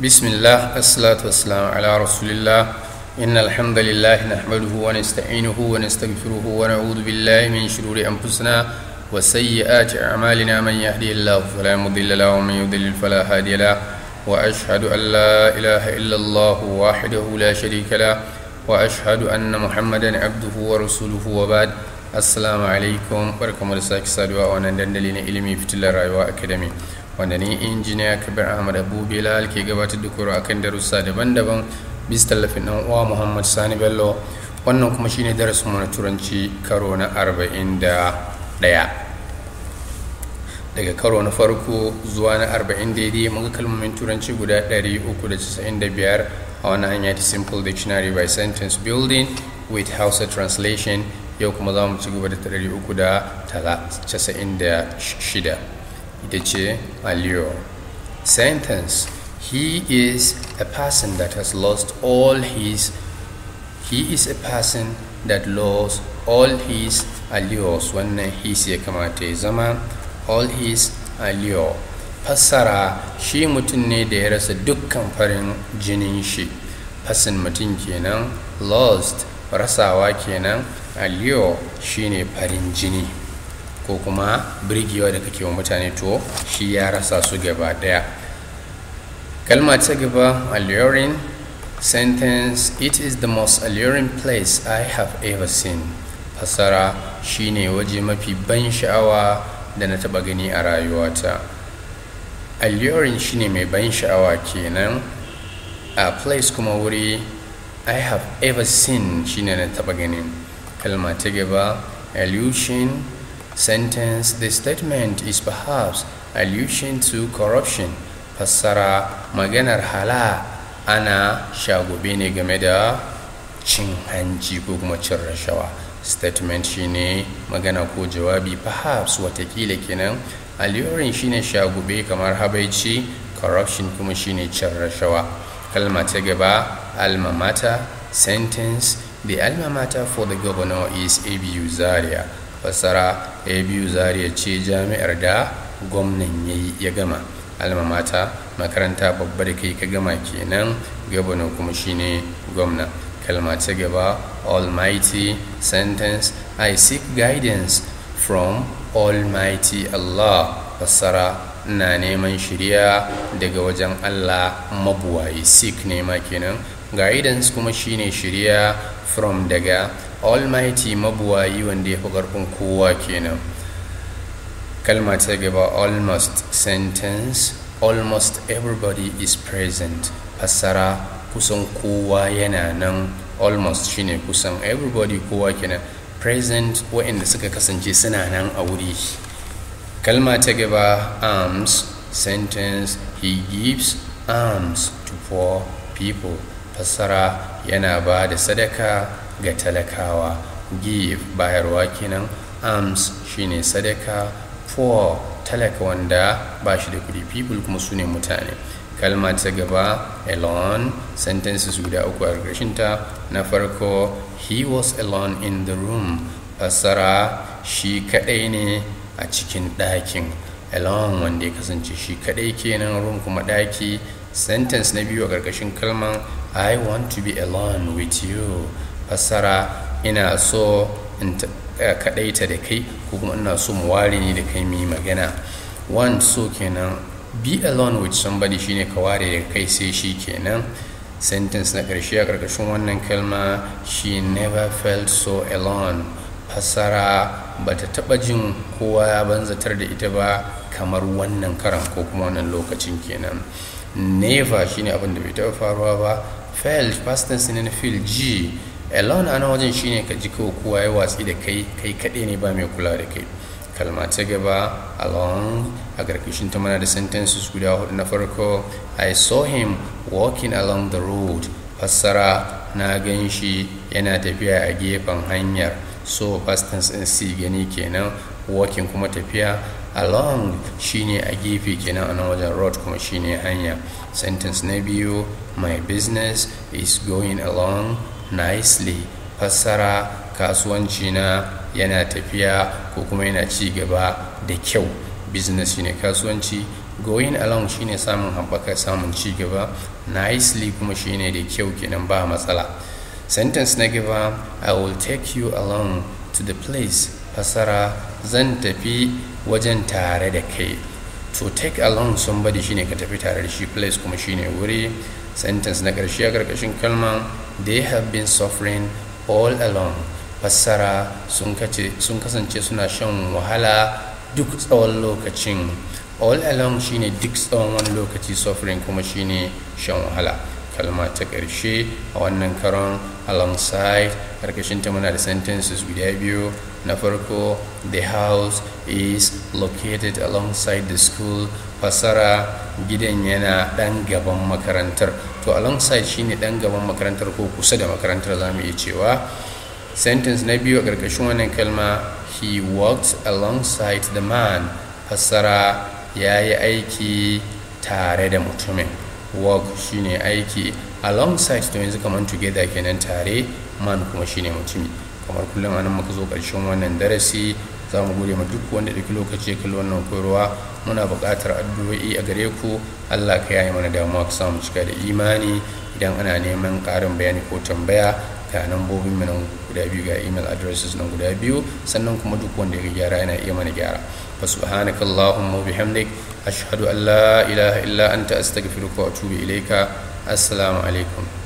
بسم الله الصلاة والسلام على رسول الله إن الحمد لله نحمده ونستعينه ونستغفره ونعوذ بالله من شرور أنفسنا وسيئات أعمالنا من يهدي الله فلا مضل له ومن يضلل فلا هادي له وأشهد أن لا إله إلا الله وحده لا شريك له وأشهد أن محمدا عبده ورسوله وبعد السلام عليكم ورحمة الله وبركاته وأنا دندلين إلمي في تلا رأيوا أكاديمي wanda ni injiniya kabir ahmad abu bilal ke gabatar da koro akan darussa daban-daban bisa tallafin dan uwa muhammad sani bello wannan kuma shine darasin mu na turanci karo na 41 daga karo na farko zuwa na 40 daidai muka kalmomin turanci guda 395 a wannan hanya ta simple dictionary by sentence building with hausa translation yau kuma za mu ci gaba da 396 ita 알리오. sentence he is a person that has lost all his he is a person that lost all his allures wannan his ya kamata ya zama all his allure fassara shi mutum ne da ya rasa dukkan farin jinin shi fasin mutum kenan lost rasawa kenan allure shine farin jini ko kuma birgewa da kake wa mutane to shi ya rasa su gaba daya kalma ta gaba alluring sentence it is the most alluring place i have ever seen fasara shine waje mafi ban sha'awa da na taba gani a rayuwata alluring shine mai ban sha'awa kenan a place kuma wuri i have ever seen shine na taba gani kalma ta gaba allusion Sentence The statement is perhaps allusion to corruption. Fassara maganar hala ana shagobe ne game da cin hanci ko kuma cin rashawa. Statement shine magana ko jawabi perhaps watakila kenan allurin shine shagobe kamar habaici corruption kuma shine cin rashawa. Kalma ta gaba alma mater sentence the alma mater for the governor is abu zaria fassara a biyu zaria ce jami'ar da gwamnan ya gama alma mata makaranta babba da kai ka gama kenan gabanin kuma shine gwamna kalma ta gaba almighty sentence i seek guidance from almighty allah fassara na neman shirya daga wajen allah mabuwayi seek nema kenan guidance kuma shine shirya from daga almighty mabuwayi wanda ya fi ƙarfin kowa kenan kalma ta gaba almost sentence almost everybody is present fassara kusan kowa yana nan almost shine kusan everybody kowa kenan present waɗanda suka kasance suna nan a wuri kalma ta gaba arms sentence he gives arms to poor people fassara yana ba da sadaka ga talakawa give bayarwa kenan arms shine sadaka poor talaka wanda ba shi da kudi people kuma su ne mutane kalma ta gaba alone sentences guda uku a ta na farko he was alone in the room fassara shi kaɗai ne a cikin ɗakin alone wanda ya kasance shi kaɗai kenan room kuma ɗaki sentence na biyu a ƙarƙashin kalman I want to be alone with you fassara ina so in eh, kaɗaita da kai ko kuma ina so mu ware ni da kai mu yi magana want so kenan be alone with somebody shine ka ware da kai sai shi kenan sentence na ƙarshe a ƙarƙashin wannan kalma she never felt so alone fassara ba ta taɓa jin kowa ya banzatar da ita ba kamar wannan karan ko kuma wannan lokacin kenan never shine abin da bai taɓa faruwa ba fa'il past tense ne na fil ji alone ana wajen shine ka ji kawai kowa ya watsi da kai kai kaɗai ne ba mai kula da kai kalma ta gaba along a ƙarƙashin ta mana da sentences guda hudu na farko i saw him walking along the road fassara na gan shi yana tafiya a gefen hanyar so past tense in si gani kenan walking kuma tafiya along shine a gefe kenan anan wajen road kuma shine hanya sentence na biyu my business is going along nicely fassara kasuwanci na yana tafiya ko kuma yana ci gaba da kyau business shine kasuwanci going along shine samun haɓaka samun ci gaba nicely kuma shine da kyau kenan ba matsala sentence na gaba i will take you along to the place fasara zan tafi wajen tare da kai to take along somebody shine ka tafi tare da shi place kuma shine wuri sentence na ƙarshe a ƙarƙashin kalman they have been suffering all along sun kasance suna shan wahala duk tsawon lokacin all along shine duk tsawon wani lokaci suffering kuma shine shan wahala kalma ta ƙarshe a wannan karon alongside ta muna da sentences guda biyu na farko the house is located alongside the school fasara gidan yana ɗan gaban makarantar to alongside shine ɗan gaban makarantar ko kusa da makarantar za mu iya cewa sentence na biyu a ƙarƙashin wannan kalma he walked alongside the man fasara ya yi aiki tare da mutumin work shine aiki alongside to yanzu kamar together kenan tare man kuma shine mutumi kamar kullum anan muka zo karshen wannan darasi za mu gode ma duk wanda duk lokaci ya kalli wannan koyarwa muna buƙatar addu'o'i a gare ku Allah ka yaye mana damuwa ka samu cika da imani idan ana neman ƙarin bayani ko tambaya da nambobin mu nan guda biyu ga email addresses nan guda biyu sannan kuma duk wanda ya gyara yana iya mana gyara fa subhanakallahumma wa bihamdik ashhadu an la ilaha illa anta astaghfiruka wa atubu ilaika assalamu alaikum